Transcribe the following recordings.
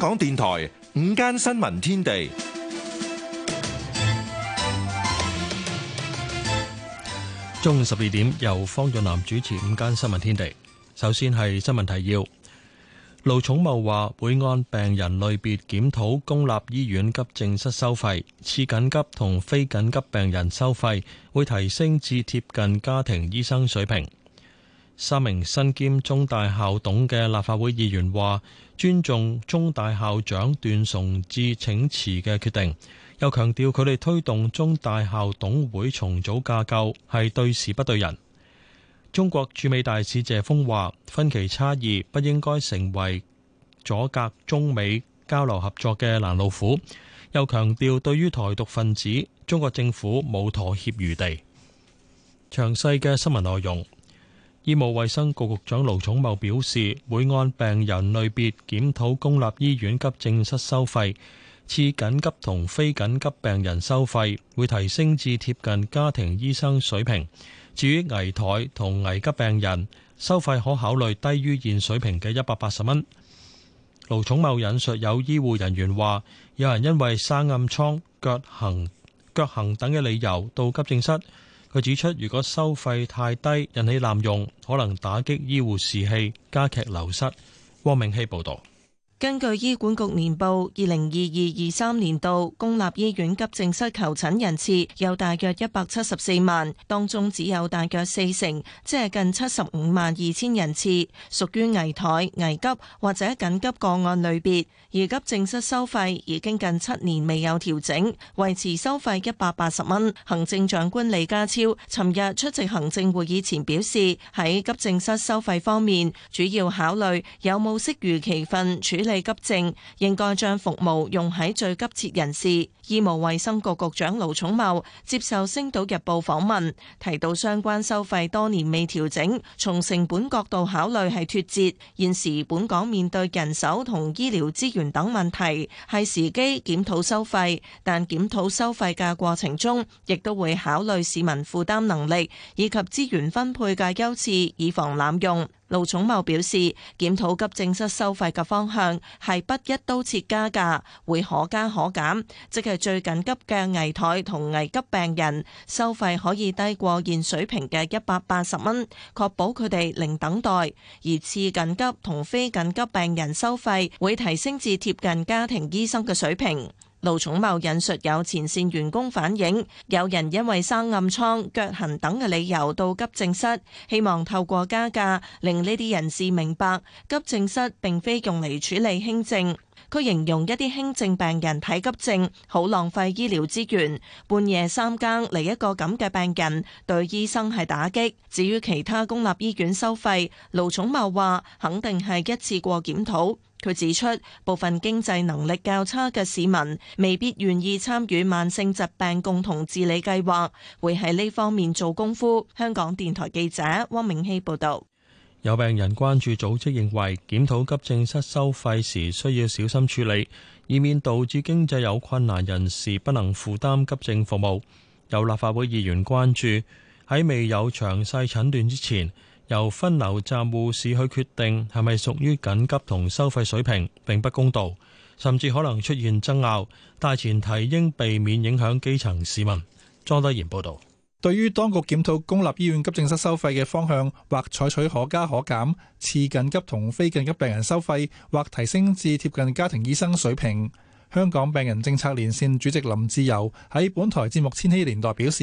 香港電台午間新聞天地，中午十二點，由方潤南主持午間新聞天地。首先是新聞提要，盧寵茂話會按病人類別檢討公立醫院急症室收費，次緊急同非緊急病人收費會提升至貼近家庭醫生水平。三名身兼中大校董嘅立法會議員話：尊重中大校長段崇智請辭嘅決定，又強調佢哋推動中大校董會重組架構係對事不對人。中國駐美大使謝鋒話：分歧差異不應該成為阻隔中美交流合作嘅攔路虎，又強調對於台獨分子，中國政府冇妥協餘地。詳細嘅新聞內容。醫務衛生局局長盧寵茂表示，會按病人類別檢討公立醫院急症室收費，次緊急同非緊急病人收費會提升至貼近家庭醫生水平。至於危殆同危急病人收費，可考慮低於現水平嘅一百八十蚊。盧寵茂引述有醫護人員話，有人因為生暗瘡、腳痕、腳痕等嘅理由到急症室。佢指出，如果收費太低，引起濫用，可能打擊醫護士氣，加劇流失。汪明希報導。根據醫管局年報，二零二二二三年度公立醫院急症室求診人次有大約一百七十四萬，當中只有大約四成，即係近七十五萬二千人次，屬於危殆、危急或者緊急個案類別。而急症室收費已經近七年未有調整，維持收費一百八十蚊。行政長官李家超尋日出席行政會議前表示，喺急症室收費方面，主要考慮有冇適如其分處理。係急症，應該將服務用喺最急切人士。醫務衛生局局長盧寵茂接受《星島日報》訪問提到相關收費多年未調整，從成本角度考慮係脫節，現時本港面對人手同醫療資源等問題，係時機檢討收費，但檢討收費嘅過程中，亦都會考慮市民負擔能力以及資源分配嘅優次，以防濫用。盧寵茂表示，檢討急症室收費嘅方向係不一刀切加價，會可加可減，即係最緊急嘅危殆同危急病人收費可以低過現水平嘅一百八十蚊，確保佢哋零等待；而次緊急同非緊急病人收費會提升至貼近家庭醫生嘅水平。盧寵茂引述有前線員工反映，有人因為生暗瘡、腳痕等嘅理由到急症室，希望透過加價令呢啲人士明白，急症室並非用嚟處理輕症。佢形容一啲輕症病人睇急症好浪費醫療資源，半夜三更嚟一個咁嘅病人對醫生係打擊。至於其他公立醫院收費，盧寵茂話肯定係一次過檢討。佢指出部分經濟能力較差嘅市民未必願意參與慢性疾病共同治理計劃，會喺呢方面做功夫。香港電台記者汪明希報導。有病人關注組織認為檢討急症室收費時需要小心處理，以免導致經濟有困難人士不能負擔急症服務。有立法會議員關注喺未有詳細診斷之前，由分流站護士去決定係咪屬於緊急同收費水平並不公道，甚至可能出現爭拗。大前提應避免影響基層市民。莊德賢報導。對於當局檢討公立醫院急症室收費嘅方向，或採取可加可減，次緊急同非緊急病人收費，或提升至貼近家庭醫生水平，香港病人政策連線主席林志友喺本台節目千禧年代表示，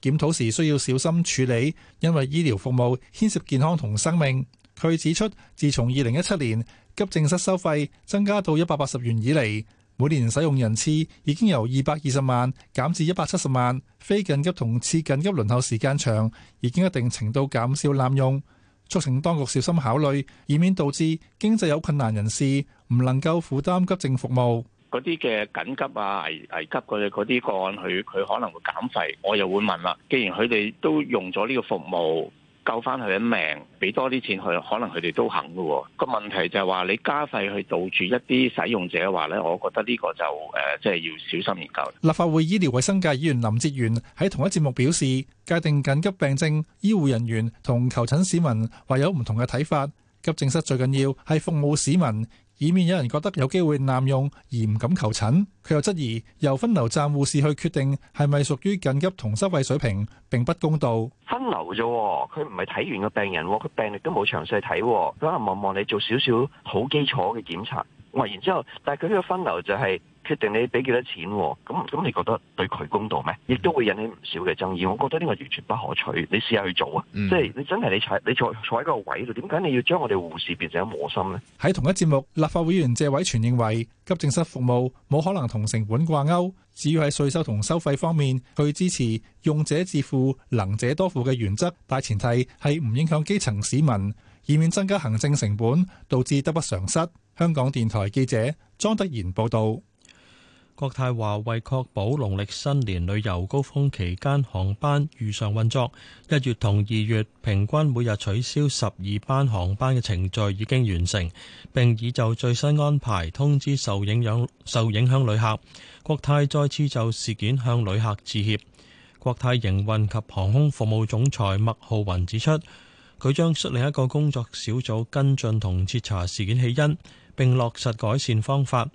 檢討時需要小心處理，因為醫療服務牽涉健康同生命。佢指出，自從二零一七年急症室收費增加到一百八十元以嚟。每年使用人次已經由二百二十萬減至一百七十萬，非緊急同次緊急輪候時間長，已經一定程度減少濫用，促請當局小心考慮，以免導致經濟有困難人士唔能夠負擔急症服務。嗰啲嘅緊急啊、危危急嗰啲嗰個案，佢佢可能會減費，我又會問啦。既然佢哋都用咗呢個服務。救翻佢嘅命，俾多啲錢佢，可能佢哋都肯㗎喎。個問題就係話你加費去杜住一啲使用者嘅話呢，我覺得呢個就，誒即係要小心研究。立法會醫療衞生界議員林哲元喺同一節目表示，界定緊急病症，醫護人員同求診市民話有唔同嘅睇法，急症室最緊要係服務市民。以免有人覺得有機會濫用而唔敢求診，佢又質疑由分流站護士去決定係咪屬於緊急同收費水平並不公道。分流啫，佢唔係睇完個病人，佢病歷都冇詳細睇，佢可能望望你做少少好基礎嘅檢查。哇！然之後，但係佢呢個分流就係、是。決定你俾幾多錢，咁咁，你覺得對佢公道咩？亦都會引起唔少嘅爭議。我覺得呢個完全不可取。你試下去做啊！即係你真係你坐你坐坐喺個位度，點解你要將我哋護士變成磨心呢？喺同一節目，立法會議員謝偉全認為急症室服務冇可能同成本掛鈎，至於喺稅收同收費方面去支持用者自付、能者多付嘅原則，大前提係唔影響基層市民，以免增加行政成本，導致得不償失。香港電台記者莊德賢報導。國泰話為確保農曆新年旅遊高峰期間航班如常運作，一月同二月平均每日取消十二班航班嘅程序已經完成，並已就最新安排通知受影響受影響旅客。國泰再次就事件向旅客致歉。國泰營運及航空服務總裁麥浩雲指出，佢將率另一個工作小組跟進同徹查事件起因，並落實改善方法。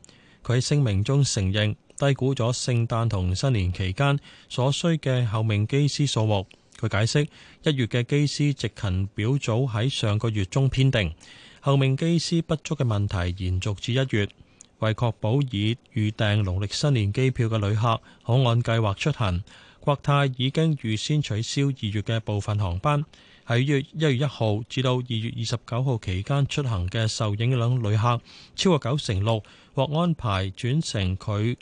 佢喺聲明中承認低估咗聖誕同新年期間所需嘅候命機師數目。佢解釋一月嘅機師值勤表早喺上個月中編定，候命機師不足嘅問題延續至一月。為確保已預訂農曆新年機票嘅旅客可按計劃出行，國泰已經預先取消二月嘅部分航班。喺月一月一號至到二月二十九號期間出行嘅受影響旅客超過九成六，獲安排轉乘佢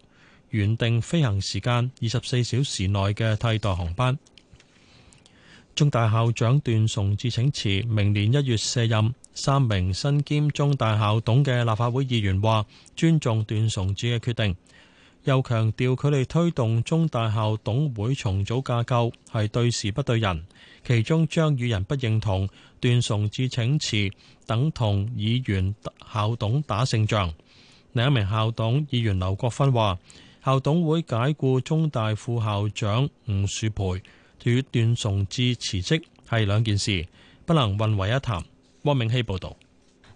原定飛行時間二十四小時內嘅替代航班。中大校長段崇智請辭，明年一月卸任。三名身兼中大校董嘅立法會議員話：尊重段崇智嘅決定。又強調佢哋推動中大校董會重組架構係對事不對人，其中張宇人不認同段崇智請辭等同議員校董打勝仗。另一名校董議員劉國勳話：校董會解雇中大副校長吳樹培與段崇智辭職係兩件事，不能混為一談。汪明希報導。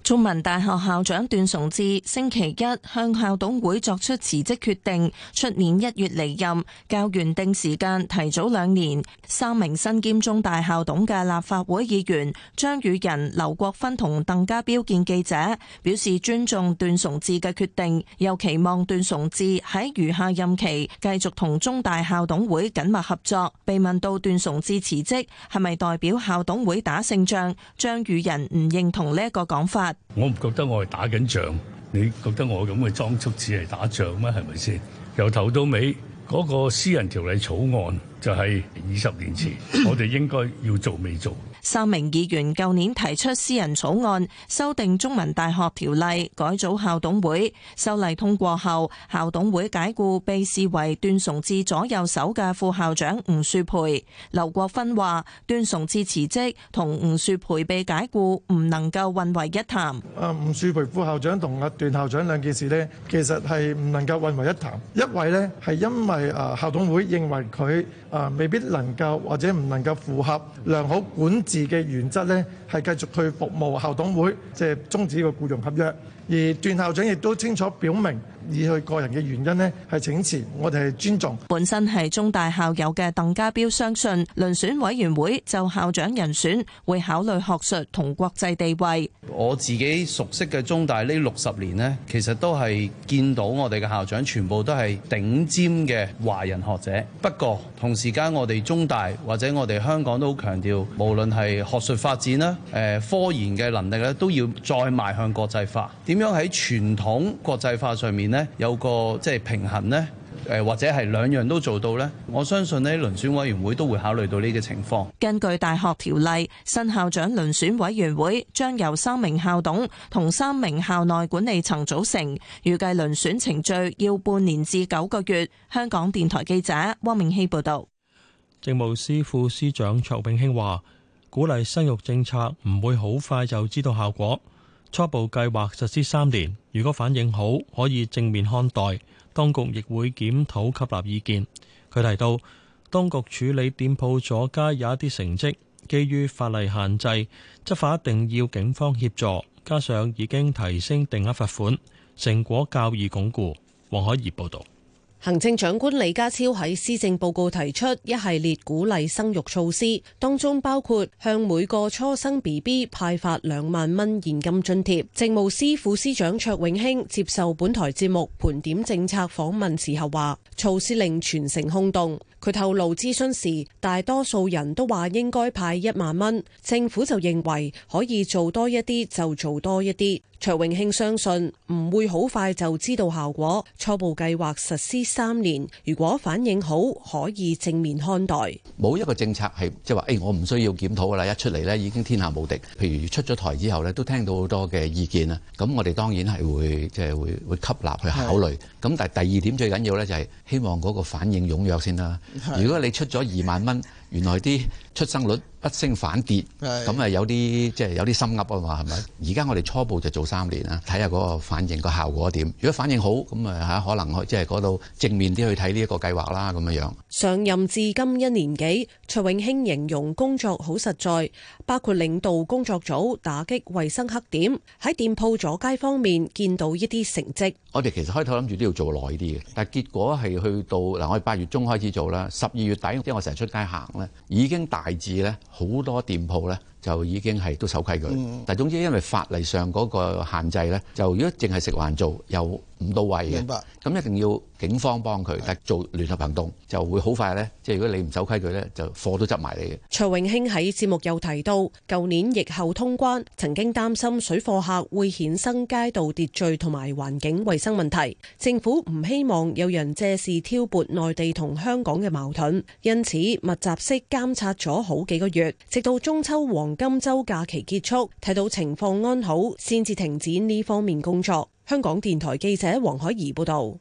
中文大學校長段崇智星期一向校董會作出辭職決定，出年一月離任，較原定時間提早兩年。三名身兼中大校董嘅立法會議員張宇人、劉國勳同鄧家彪見記者，表示尊重段崇智嘅決定，又期望段崇智喺餘下任期繼續同中大校董會緊密合作。被問到段崇智辭職係咪代表校董會打勝仗，張宇人唔認同呢一個講法。我唔覺得我係打緊仗，你覺得我咁嘅裝束似係打仗咩？係咪先？由頭到尾嗰個私人條例草案就係二十年前，我哋應該要做未做。三名議員舊年提出私人草案，修訂中文大學條例，改組校董會。修例通過後，校董會解雇被視為段崇志左右手嘅副校長吳樹培。劉國芬話：段崇志辭職同吳樹培被解雇唔能夠混為一談。啊，吳樹培副校長同阿段校長兩件事呢，其實係唔能夠混為一談。一位呢，係因為啊校董會認為佢啊未必能夠或者唔能夠符合良好管。自己原則咧，係繼續去服務校董會，即係終止個雇傭合約。而段校長亦都清楚表明，以佢個人嘅原因咧，係請辭，我哋係尊重。本身係中大校友嘅鄧家彪相信，遴選委員會就校長人選會考慮學術同國際地位。我自己熟悉嘅中大呢六十年咧，其實都係見到我哋嘅校長全部都係頂尖嘅華人學者。不過同時間，我哋中大或者我哋香港都好強調，無論係學術發展啦，誒科研嘅能力咧，都要再邁向國際化。點？咁樣喺傳統國際化上面呢，有個即係平衡呢，誒或者係兩樣都做到呢。我相信呢輪選委員會都會考慮到呢個情況。根據大學條例，新校長輪選委員會將由三名校董同三名校內管理層組成，預計輪選程序要半年至九個月。香港電台記者汪明希報導。政務司副司長卓永興話，鼓勵生育政策唔會好快就知道效果。初步計劃實施三年，如果反應好，可以正面看待。當局亦會檢討吸納意見。佢提到，當局處理店鋪阻街有一啲成績，基於法例限制，執法一定要警方協助，加上已經提升定額罰款，成果較易鞏固。黃海怡報導。行政長官李家超喺施政報告提出一系列鼓勵生育措施，當中包括向每個初生 BB 派發兩萬蚊現金津貼。政務司副司長卓永興接受本台節目盤點政策訪問時候話，措施令全城轟動。佢透露諮詢時，大多數人都話應該派一萬蚊，政府就認為可以做多一啲就做多一啲。卓永慶相信唔會好快就知道效果，初步計劃實施三年，如果反應好可以正面看待。冇一個政策係即係話，誒、就是哎、我唔需要檢討噶啦，一出嚟咧已經天下無敵。譬如出咗台之後咧，都聽到好多嘅意見啊。咁我哋當然係會即係、就是、會會吸納去考慮。咁是但係第二點最緊要呢、就是，就係希望嗰個反應踴躍先啦。如果你出咗二萬蚊。原來啲出生率不升反跌，咁啊是有啲即係有啲心噏啊嘛，係咪？而家我哋初步就做三年啦，睇下嗰個反應個效果點。如果反應好，咁啊嚇可能即係嗰度正面啲去睇呢一個計劃啦，咁樣樣。上任至今一年幾，卓永興形容工作好實在，包括領導工作組、打擊衞生黑點、喺店鋪阻街方面見到一啲成績。我哋其實開頭諗住都要做耐啲嘅，但係結果係去到嗱，我哋八月中開始做啦，十二月底即係我成日出街行。已經大致咧，好多店鋪咧，就已經係都守規矩，但係總之因為法例上嗰個限制呢就如果淨係食環做又唔到位嘅，明白，咁一定要警方幫佢，的但係做聯合行動就會好快呢即係如果你唔守規矩呢就貨都執埋你嘅。徐永興喺節目又提到，舊年疫後通關曾經擔心水貨客會衍生街道秩序同埋環境衞生問題，政府唔希望有人借事挑撥內地同香港嘅矛盾，因此密集式監察咗好幾個月，直到中秋黃。今周假期結束，睇到情況安好，先至停止呢方面工作。香港電台記者黃海怡報道。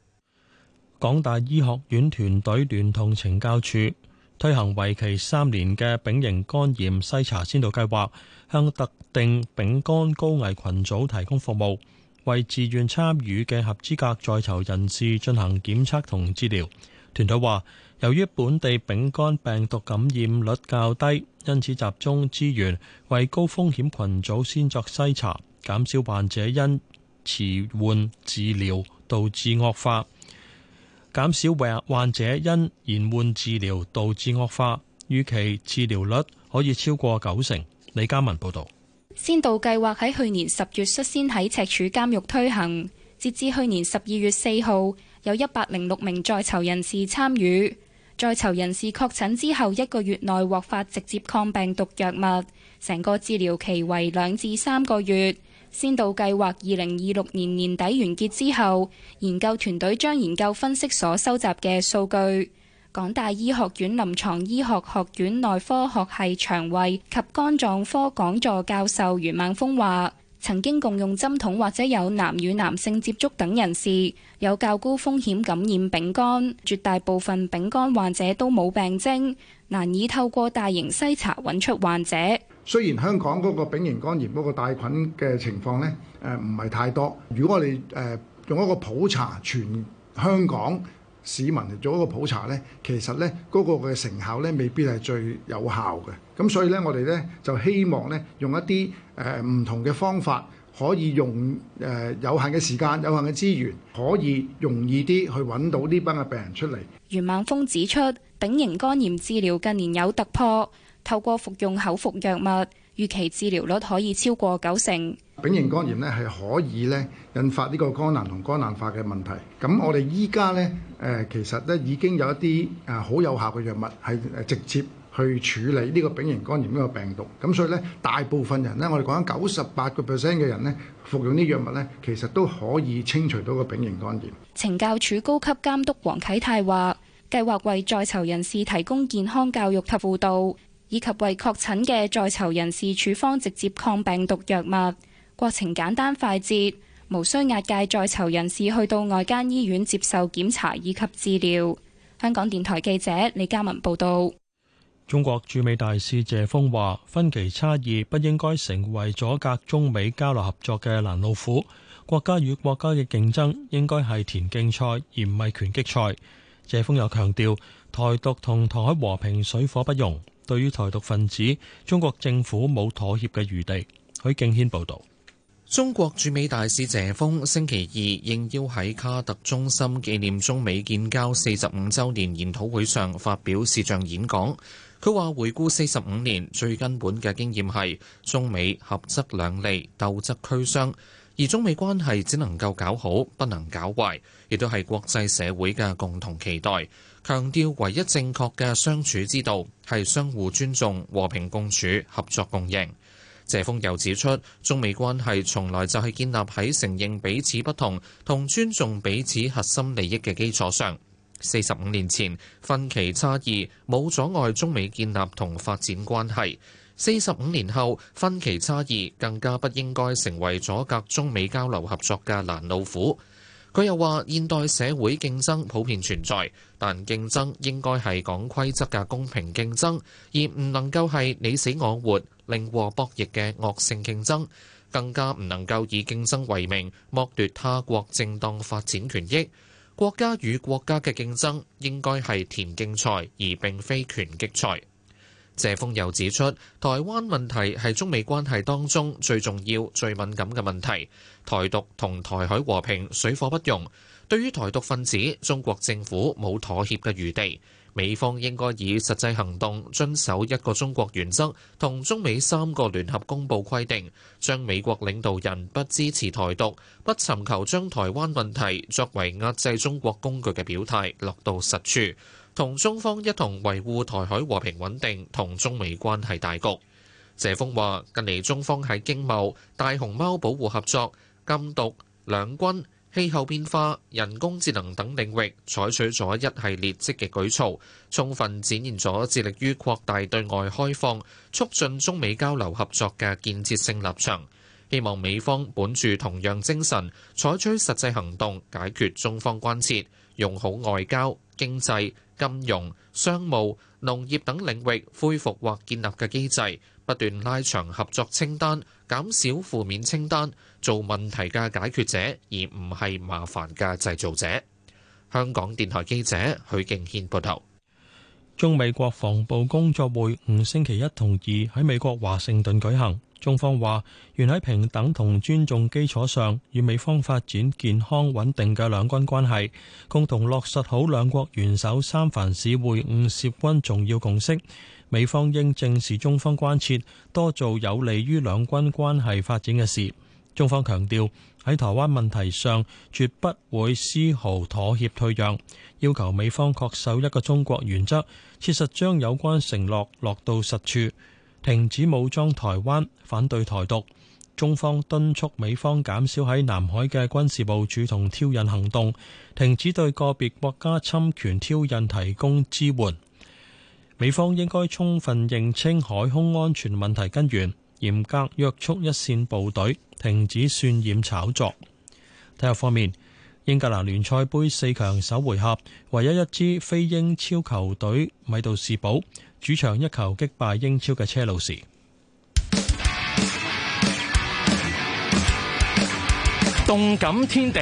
港大醫學院團隊聯同懲教處推行為期三年嘅丙型肝炎篩查先導計劃，向特定丙肝高危群組提供服務，為自願參與嘅合資格在囚人士進行檢測同治療。團隊話。由於本地丙肝病毒感染率較低，因此集中資源為高風險群組先作篩查，減少患者因遲緩治療導致惡化。減少患患者因延緩治療導致惡化，預期治療率可以超過九成。李嘉文報導，先導計劃喺去年十月率先喺赤柱監獄推行，截至去年十二月四號，有一百零六名在囚人士參與。在囚人士確診之後一個月內獲發直接抗病毒藥物，成個治療期為兩至三個月。先到計劃二零二六年年底完結之後，研究團隊將研究分析所收集嘅數據。港大醫學院臨床醫學學院內科學系腸胃及肝臟科講座教授袁孟峰話。曾經共用針筒或者有男與男性接觸等人士有較高風險感染丙肝。絕大部分丙肝患者都冇病徵，難以透過大型篩查揾出患者。雖然香港嗰個丙型肝炎嗰個帶菌嘅情況呢，誒唔係太多。如果我哋誒用一個普查全香港市民做一個普查呢，其實呢嗰個嘅成效呢未必係最有效嘅。咁所以呢，我哋呢就希望呢用一啲。誒唔、呃、同嘅方法可以用誒、呃、有限嘅時間、有限嘅資源，可以容易啲去揾到呢班嘅病人出嚟。袁孟峰指出，丙型肝炎治療近年有突破，透過服用口服藥物，預期治療率可以超過九成。丙型肝炎咧係可以呢引發呢個肝癌同肝硬化嘅問題。咁我哋依家呢，誒、呃、其實呢已經有一啲啊好有效嘅藥物係直接，去處理呢個丙型肝炎呢個病毒，咁所以咧，大部分人呢，我哋講緊九十八個 percent 嘅人呢，服用啲藥物呢，其實都可以清除到個丙型肝炎。懲教署高級監督黃啟泰話，計劃為在囚人士提供健康教育及輔導，以及為確診嘅在囚人士處方直接抗病毒藥物，過程簡單快捷，無需押解在囚人士去到外間醫院接受檢查以及治療。香港電台記者李嘉文報道。中國駐美大使謝鋒話：分歧差異不應該成為阻隔中美交流合作嘅攔路虎。國家與國家嘅競爭應該係田徑賽，而唔係拳擊賽。謝鋒又強調，台獨同台海和平水火不容。對於台獨分子，中國政府冇妥協嘅餘地。許敬軒報道。中國駐美大使謝鋒星期二應邀喺卡特中心紀念中美建交四十五周年研討會上發表視像演講。佢話：回顧四十五年，最根本嘅經驗係中美合則兩利，鬥則俱傷。而中美關係只能夠搞好，不能搞壞，亦都係國際社會嘅共同期待。強調唯一正確嘅相處之道係相互尊重、和平共處、合作共贏。謝鋒又指出，中美關係從來就係建立喺承認彼此不同同尊重彼此核心利益嘅基礎上。四十五年前分歧差異冇阻礙中美建立同發展關係，四十五年後分歧差異更加不應該成為阻隔中美交流合作嘅攔路虎。佢又話：現代社會競爭普遍存在，但競爭應該係講規則嘅公平競爭，而唔能夠係你死我活、零和博弈嘅惡性競爭，更加唔能夠以競爭為名剝奪他國正當發展權益。國家與國家嘅競爭應該係田徑賽，而並非拳擊賽。謝鋒又指出，台灣問題係中美關係當中最重要、最敏感嘅問題。台獨同台海和平水火不容。對於台獨分子，中國政府冇妥協嘅餘地。美方應該以實際行動遵守一個中國原則同中美三個聯合公佈規定，將美國領導人不支持台獨、不尋求將台灣問題作為壓制中國工具嘅表態落到實處，同中方一同維護台海和平穩定同中美關係大局。謝鋒話：近嚟中方喺經貿、大熊貓保護合作、禁毒、兩軍、氣候變化、人工智能等領域採取咗一系列積極舉措，充分展現咗致力於擴大對外開放、促進中美交流合作嘅建設性立場，希望美方本住同樣精神，採取實際行動解決中方關切，用好外交、經濟、金融、商務、農業等領域恢復或建立嘅機制，不斷拉長合作清單，減少負面清單。做問題嘅解決者，而唔係麻煩嘅製造者。香港電台記者許敬軒報道，中美國防部工作會晤星期一同二喺美國華盛頓舉行。中方話，願喺平等同尊重基礎上，與美方發展健康穩定嘅兩軍關係，共同落實好兩國元首三藩市會晤涉軍重要共識。美方應正視中方關切，多做有利於兩軍關係發展嘅事。中方強調，喺台灣問題上絕不會絲毫妥，妥協退讓，要求美方恪守一個中國原則，切實將有關承諾落到實處，停止武裝台灣、反對台獨。中方敦促美方減少喺南海嘅軍事部署同挑釁行動，停止對個別國家侵權挑釁提供支援。美方應該充分認清海空安全問題根源。嚴格約束一線部隊，停止渲染炒作。體育方面，英格蘭聯賽盃四強首回合，唯一一支非英超球隊米杜士堡主場一球擊敗英超嘅車路士。動感天地，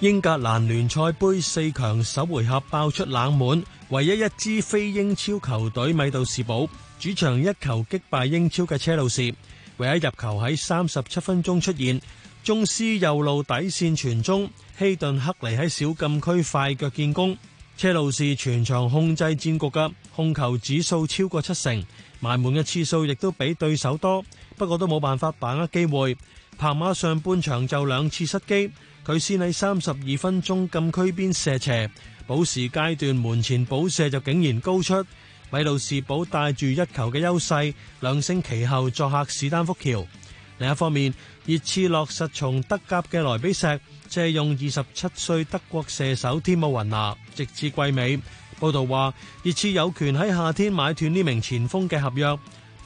英格蘭聯賽盃四強首回合爆出冷門。唯一一支非英超球隊米道士堡主場一球擊敗英超嘅車路士，唯一入球喺三十七分鐘出現，宗師右路底線傳中，希頓克尼喺小禁區快腳建功。車路士全場控制戰局嘅控球指數超過七成，埋門嘅次數亦都比對手多，不過都冇辦法把握機會。帕馬上半場就兩次失機，佢先喺三十二分鐘禁區邊射斜。補時階段門前補射就竟然高出，米路士堡帶住一球嘅優勢，兩星期後作客史丹福橋。另一方面，熱刺落實從德甲嘅萊比錫借用二十七歲德國射手添奧雲拿，直至季尾。報道話，熱刺有權喺夏天買斷呢名前鋒嘅合約。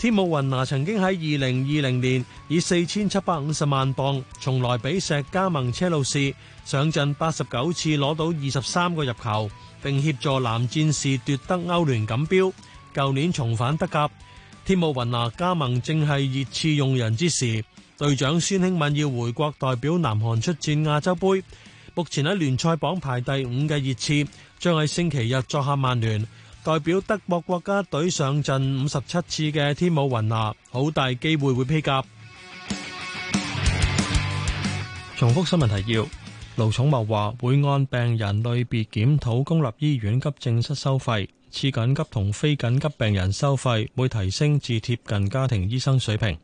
天慕雲拿曾經喺二零二零年以四千七百五十萬鎊從來比錫加盟車路士，上陣八十九次攞到二十三個入球，並協助藍戰士奪得歐聯錦標。舊年重返德甲，天慕雲拿加盟正係熱刺用人之時，隊長孫興敏要回國代表南韓出戰亞洲杯。目前喺聯賽榜排第五嘅熱刺，將喺星期日作客曼聯。代表德國國家隊上陣五十七次嘅天舞雲拿，好大機會會披甲。重複新聞提要：盧寵茂話會按病人類別檢討公立醫院急症室收費，次緊急同非緊急病人收費會提升至貼近家庭醫生水平。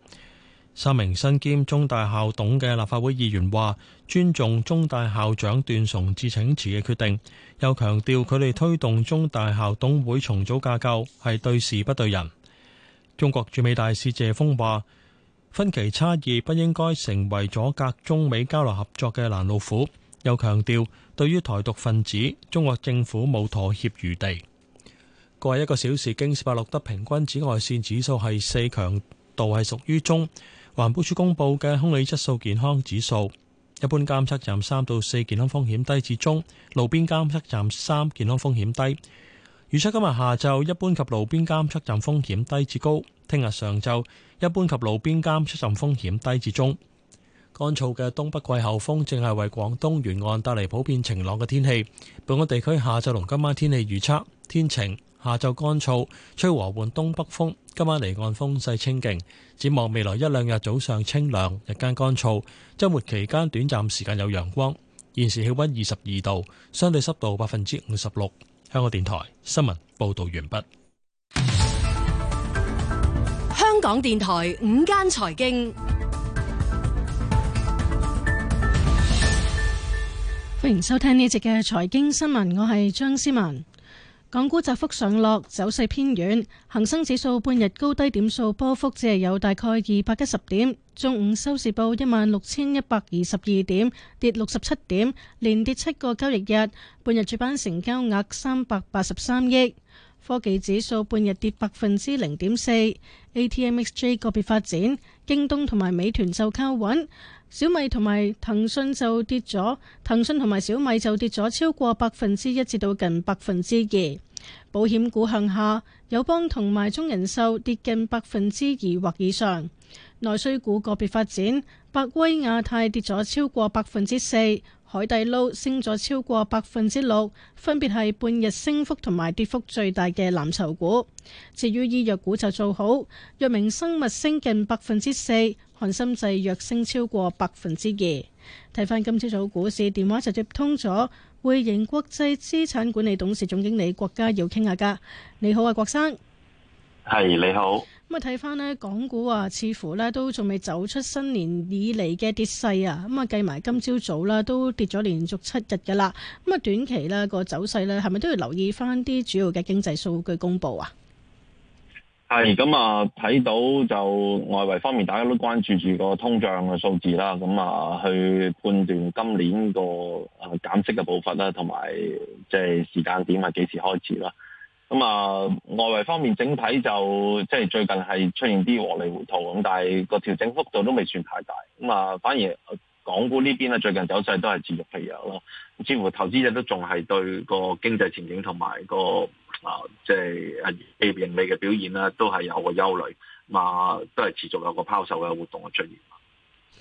三名身兼中大校董嘅立法會議員話，尊重中大校長段崇智請辭嘅決定，又強調佢哋推動中大校董會重組架構係對事不對人。中國駐美大使謝鋒話，分歧差異不應該成為阻隔中美交流合作嘅攔路虎，又強調對於台獨分子，中國政府冇妥協餘地。過去一個小時經六，京士柏錄得平均紫外線指數係四，強度係屬於中。環保署公佈嘅空氣質素健康指數，一般監測站三到四健康風險低至中，路邊監測站三健康風險低。預測今日下晝一般及路邊監測站風險低至高，聽日上晝一般及路邊監測站風險低至中。乾燥嘅東北季候風正係為廣東沿岸帶嚟普遍晴朗嘅天氣。本港地區下晝同今晚天氣預測天晴，下晝乾燥，吹和緩東北風。今晚離岸風勢清勁，展望未來一兩日早上清涼，日間乾燥。周末期間短暫時間有陽光。現時氣溫二十二度，相對濕度百分之五十六。香港電台新聞報道完畢。香港電台午間財經，歡迎收聽呢集嘅財經新聞，我係張思文。港股窄幅上落，走勢偏軟。恒生指數半日高低點數波幅只係有大概二百一十點。中午收市報一萬六千一百二十二點，跌六十七點，連跌七個交易日。半日主板成交額三百八十三億。科技指數半日跌百分之零點四，ATMXJ 個別發展，京東同埋美團就靠穩，小米同埋騰訊就跌咗，騰訊同埋小米就跌咗超過百分之一至到近百分之二。保險股向下，友邦同埋中人壽跌近百分之二或以上。內需股個別發展，百威亞太跌咗超過百分之四。海底撈升咗超過百分之六，分別係半日升幅同埋跌幅最大嘅藍籌股。至於醫藥股就做好，藥明生物升近百分之四，翰森製藥升超過百分之二。睇返今朝早股市，電話就接通咗匯盈國際資產管理董事總經理郭家耀傾下噶。你好啊，郭生。係，你好。咁啊，睇翻咧，港股啊，似乎咧都仲未走出新年以嚟嘅跌勢啊。咁啊，計埋今朝早啦，都跌咗連續七日噶啦。咁啊，短期咧個走勢咧，係咪都要留意翻啲主要嘅經濟數據公布啊？係，咁啊，睇到就外圍方面，大家都關注住個通脹嘅數字啦。咁啊，去判斷今年個啊減息嘅步伐啦，同埋即係時間點啊，幾時開始啦。咁啊、嗯呃，外圍方面整體就即係最近係出現啲獲利回吐咁，但係個調整幅度都未算太大。咁、嗯、啊，反而港股呢邊咧最近走勢都係持續疲弱咯，似乎投資者都仲係對個經濟前景同埋、那個啊即係啊企業盈利嘅表現咧都係有個憂慮。咁、呃、啊都係持續有個拋售嘅活動嘅出現。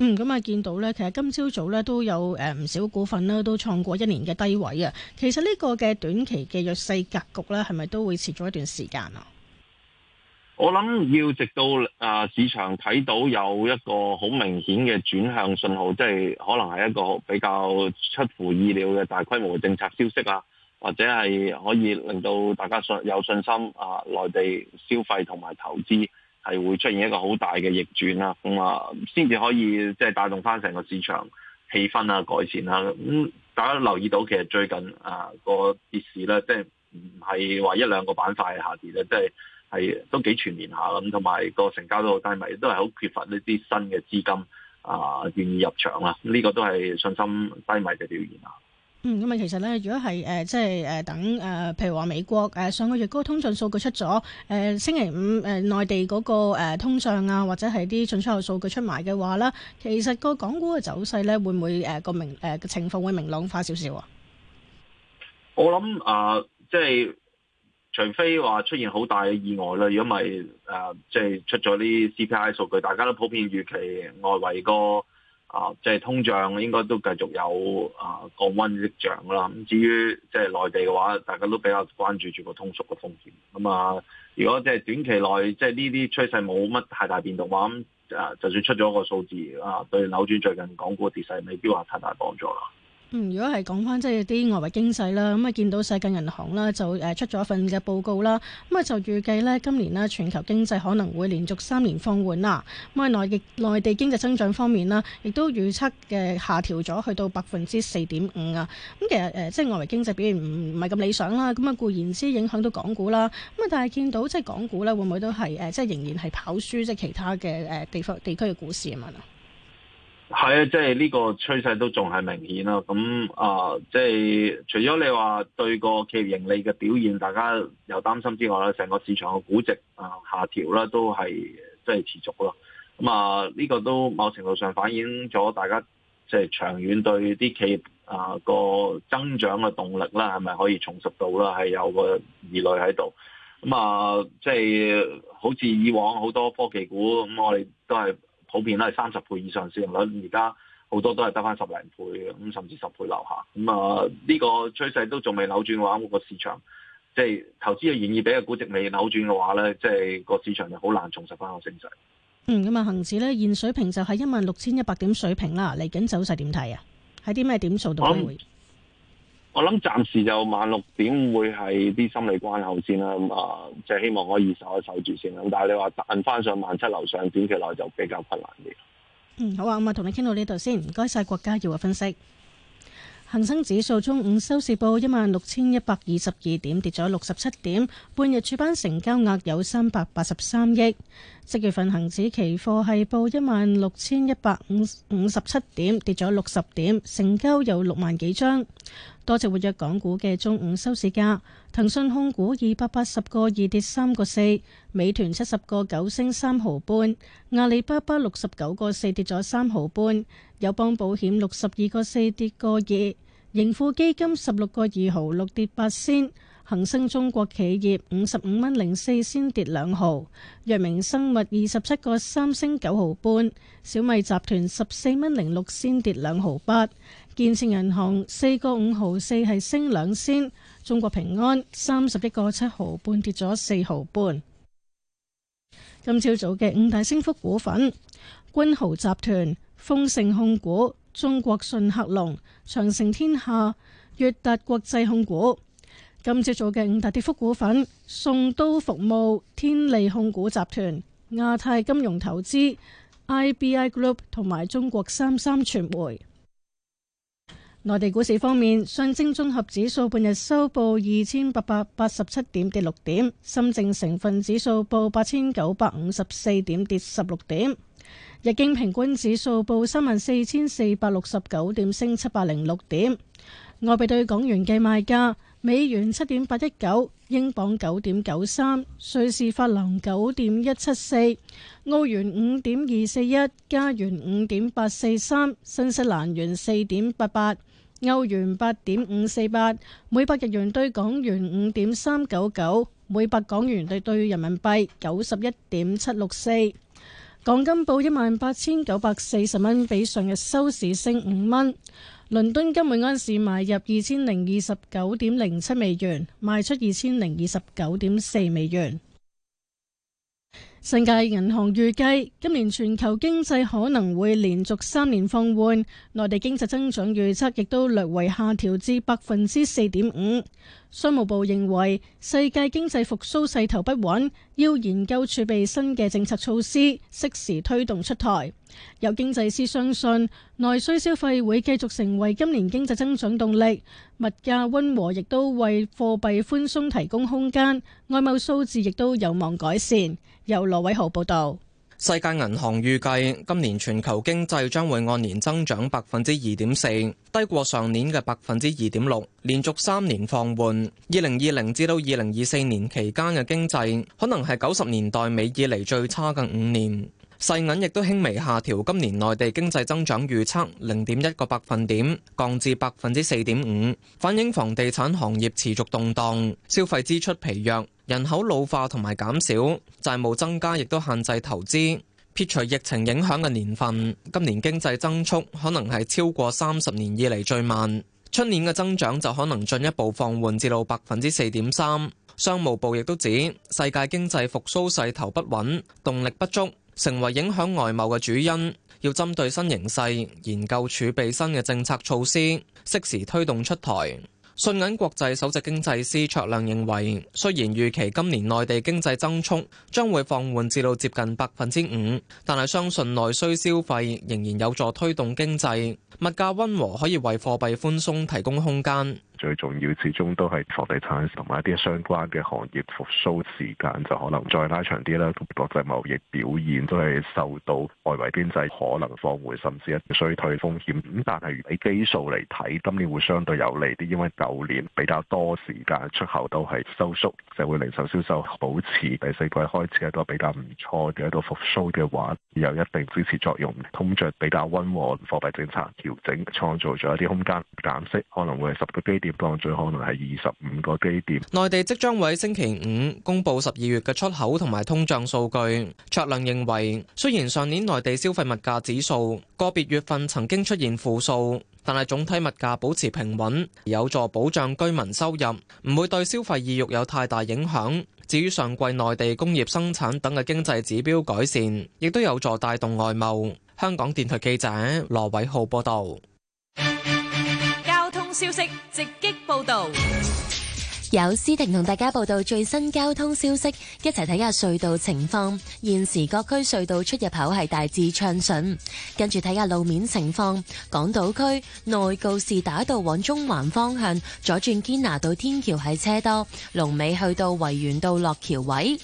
嗯，咁啊，見到咧，其實今朝早咧都有誒唔少股份啦，都創過一年嘅低位啊。其實呢個嘅短期嘅弱勢格局咧，係咪都會持續一段時間啊？我諗要直到啊市場睇到有一個好明顯嘅轉向信號，即係可能係一個比較出乎意料嘅大規模嘅政策消息啊，或者係可以令到大家信有信心啊，內地消費同埋投資。係會出現一個好大嘅逆轉啦，咁啊先至可以即係帶動返成個市場氣氛啊改善啦、啊。咁、嗯、大家都留意到，其實最近啊個、呃、跌市咧，即係唔係話一兩個板塊下跌咧，即係係都幾全面下咁。同埋個成交都好低迷，都係好缺乏呢啲新嘅資金啊願、呃、意入場啦。呢、啊這個都係信心低迷嘅表現啊。嗯，咁啊，其實咧，如果係誒，即係誒，等誒，譬如話美國誒、呃、上個月嗰個通脹數據出咗，誒、呃、星期五誒內、呃、地嗰、那個誒、呃、通脹啊，或者係啲進出口數據出埋嘅話咧，其實個港股嘅走勢咧，會唔會誒個明誒個情況會明朗化少少啊？我諗啊，即、呃、係、就是、除非話出現好大嘅意外啦，如果唔係誒即係出咗啲 CPI 數據，大家都普遍預期外圍個。啊，即係通脹應該都繼續有啊降溫跡象啦。咁至於即係內地嘅話，大家都比較關注住個通縮嘅風險。咁啊，如果即係短期內即係呢啲趨勢冇乜太大變動話，咁啊就算出咗個數字啊，對扭轉最近港股跌勢未必話太大幫助啦。嗯，如果係講翻即係啲外圍經濟啦，咁啊見到世界銀行啦就誒出咗一份嘅報告啦，咁啊就預計咧今年呢，全球經濟可能會連續三年放緩啦。咁啊內疫內地經濟增長方面啦，亦都預測嘅下調咗去到百分之四點五啊。咁其實誒即係外圍經濟表現唔唔係咁理想啦，咁啊固然之影響到港股啦。咁啊但係見到即係港股咧會唔會都係誒即係仍然係跑輸即係其他嘅誒地方地區嘅股市啊？係啊，這個嗯呃，即係呢個趨勢都仲係明顯咯。咁啊，即係除咗你話對個企業盈利嘅表現，大家有擔心之外咧，成個市場嘅估值啊、呃、下調啦，都係即係持續咯。咁、嗯、啊、呢、呃這個都某程度上反映咗大家即係長遠對啲企業啊個增長嘅動力啦，係咪可以重拾到啦？係有個疑慮喺度。咁、嗯、啊、呃，即係好似以往好多科技股，咁、嗯、我哋都係。普遍都係三十倍以上市盈率，而家好多都係得翻十零倍，咁甚至十倍樓下。咁啊，呢個趨勢都仲未扭轉嘅話，個市場即係、就是、投資嘅願意，俾嘅估值未扭轉嘅話咧，即係個市場就好難重拾翻個升勢。嗯，咁啊，恆指咧現水平就係一萬六千一百點水平啦。嚟緊走勢點睇啊？喺啲咩點數度都會？嗯我諗暫時就萬六點會係啲心理關口先啦，咁啊，即、呃、係、就是、希望可以守一守住先啦。但係你話彈翻上萬七樓上點，其實就比較困難啲。嗯，好啊，咁啊，同你傾到呢度先，唔該晒，郭家耀嘅分析。恆生指數中午收市報一萬六千一百二十二點，跌咗六十七點，半日主板成交額有三百八十三億。即月份恆指期貨係報一萬六千一百五十七點，跌咗六十點，成交有六萬幾張。多隻活躍港股嘅中午收市價，騰訊控股二百八十個二跌三個四，美團七十個九升三毫半，阿里巴巴六十九個四跌咗三毫半，友邦保險六十二個四跌個二，盈富基金十六個二毫六跌八仙。恒生中國企業五十五蚊零四先跌兩毫，藥明生物二十七個三升九毫半，小米集團十四蚊零六先跌兩毫八，建設銀行四個五毫四係升兩先，中國平安三十一個七毫半跌咗四毫半。今朝早嘅五大升幅股份：君豪集團、豐盛控股、中國信客隆、長城天下、越達國際控股。今朝做嘅五大跌幅股份：宋都服務、天利控股集團、亞太金融投資 I B I Group、同埋中國三三傳媒。內地股市方面，上證綜合指數半日收報二千八百八十七點跌六點，深證成分指數報八千九百五十四點跌十六點，日經平均指數報三萬四千四百六十九點升七百零六點，外幣對港元嘅賣家。美元七點八一九，英鎊九點九三，瑞士法郎九點一七四，澳元五點二四一，加元五點八四三，新西蘭元四點八八，歐元八點五四八，每百日元兌港元五點三九九，每百港元兌兌人民幣九十一點七六四。港金報一萬八千九百四十蚊，比上日收市升五蚊。倫敦金每安士買入二千零二十九點零七美元，賣出二千零二十九點四美元。世界銀行預計今年全球經濟可能會連續三年放緩，內地經濟增長預測亦都略為下調至百分之四點五。商務部認為世界經濟復甦勢頭不穩，要研究儲備新嘅政策措施，適時推動出台。有經濟師相信內需消費會繼續成為今年經濟增長動力，物價溫和亦都為貨幣寬鬆提供空間，外貿數字亦都有望改善。由羅偉豪報道，世界銀行預計今年全球經濟將會按年增長百分之二點四，低過上年嘅百分之二點六，連續三年放緩。二零二零至到二零二四年期間嘅經濟，可能係九十年代尾以嚟最差嘅五年。世銀亦都輕微下調今年內地經濟增長預測零點一個百分點，降至百分之四點五，反映房地產行業持續動盪，消費支出疲弱。人口老化同埋減少，債務增加亦都限制投資。撇除疫情影響嘅年份，今年經濟增速可能係超過三十年以嚟最慢。出年嘅增長就可能進一步放緩至到百分之四點三。商務部亦都指，世界經濟復甦勢頭不穩，動力不足，成為影響外貿嘅主因。要針對新形勢研究儲備新嘅政策措施，適時推動出台。信銀國際首席經濟師卓亮認為，雖然預期今年內地經濟增速將會放緩至到接近百分之五，但係相信內需消費仍然有助推動經濟，物價溫和可以為貨幣寬鬆提供空間。最重要，始終都係房地產同埋一啲相關嘅行業復甦時間就可能再拉長啲啦。國際貿易表現都係受到外圍經濟可能放緩，甚至一啲衰退風險。咁但係以基數嚟睇，今年會相對有利啲，因為舊年比較多時間出口都係收縮，社會零售銷售保持第四季開始一個比較唔錯嘅一個復甦嘅話，有一定支持作用。通脹比較溫和，貨幣政策調整，創造咗一啲空間減息，可能會係十個基點。最可能係二十五個基點。內地即將喺星期五公布十二月嘅出口同埋通脹數據。卓亮認為，雖然上年內地消費物價指數個別月份曾經出現負數，但係總體物價保持平穩，有助保障居民收入，唔會對消費意欲有太大影響。至於上季內地工業生產等嘅經濟指標改善，亦都有助帶動外貿。香港電台記者羅偉浩報道。消息直擊報道。Yes. 有思婷同大家報道最新交通消息，一齊睇下隧道情況。現時各區隧道出入口係大致暢順，跟住睇下路面情況。港島區內告士打道往中環方向左轉堅拿道天橋係車多，龍尾去到維園道落橋位。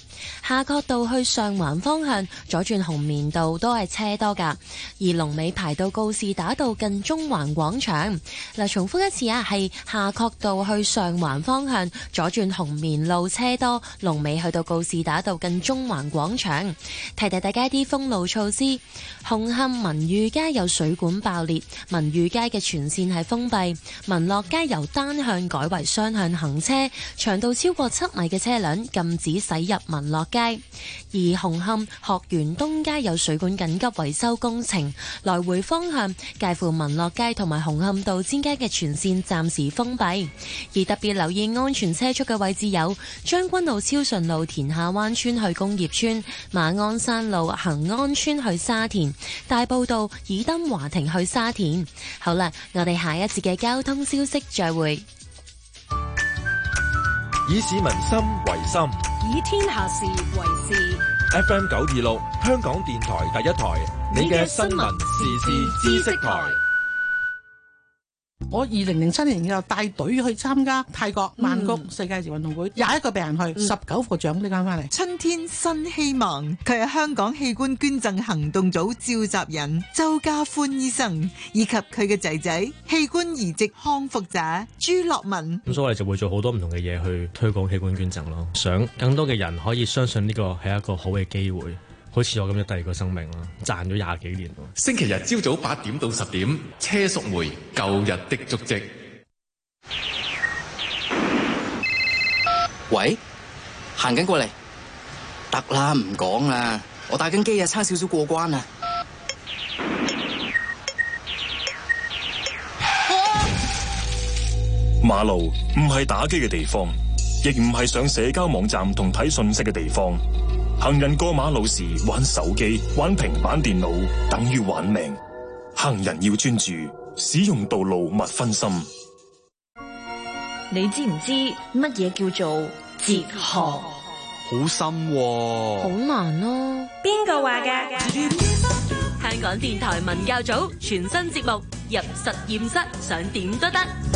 夏慤道去上環方向左轉紅棉道都係車多㗎，而龍尾排到告士打道近中環廣場。嗱，重複一次啊，係夏慤道去上環方向。左轉紅棉路車多，龍尾去到告士打道近中環廣場。提提大家啲封路措施：紅磡民裕街有水管爆裂，民裕街嘅全線係封閉；民樂街由單向改為雙向行車，長度超過七米嘅車輛禁止駛入民樂街。而紅磡學園東街有水管緊急維修工程，來回方向介乎民樂街同埋紅磡道之間嘅全線暫時封閉。而特別留意安全。車速嘅位置有將軍路、超順路、田下灣村去工業村、馬鞍山路、恆安村去沙田、大埔道、以登華庭去沙田。好啦，我哋下一節嘅交通消息再會。以市民心為心，以天下事為事。FM 九二六，香港電台第一台，你嘅新聞時事知識台。我二零零七年又帶隊去參加泰國曼谷世界田運動會，廿一、嗯、個病人去，十九、嗯、個獎拎返嚟。春天新希望，佢係香港器官捐贈行動組召集人周家歡醫生，以及佢嘅仔仔器官移植康復者朱樂文。咁所以就會做好多唔同嘅嘢去推廣器官捐贈咯，想更多嘅人可以相信呢個係一個好嘅機會。好似我咁嘅第二個生命咯，賺咗廿幾年喎。星期日朝早八點到十點，車淑梅舊日的足跡。喂，行緊過嚟，得啦，唔講啦，我打緊機啊，差少少過關啊。馬路唔係打機嘅地方，亦唔係上社交網站同睇信息嘅地方。行人過馬路時玩手機、玩平板電腦，等於玩命。行人要專注，使用道路勿分心。你知唔知乜嘢叫做哲學？好深、啊，難啊，好難咯。邊個話嘅？香港電台文教組全新節目《入實驗室》想，想點都得。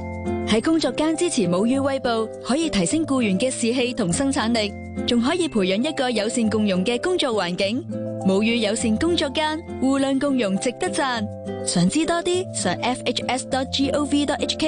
喺工作間支持母乳餵哺，可以提升僱員嘅士氣同生產力，仲可以培養一個友善共融嘅工作環境。母乳友善工作間，互諒共融值得讚。想知多啲，上 fhs.gov.hk。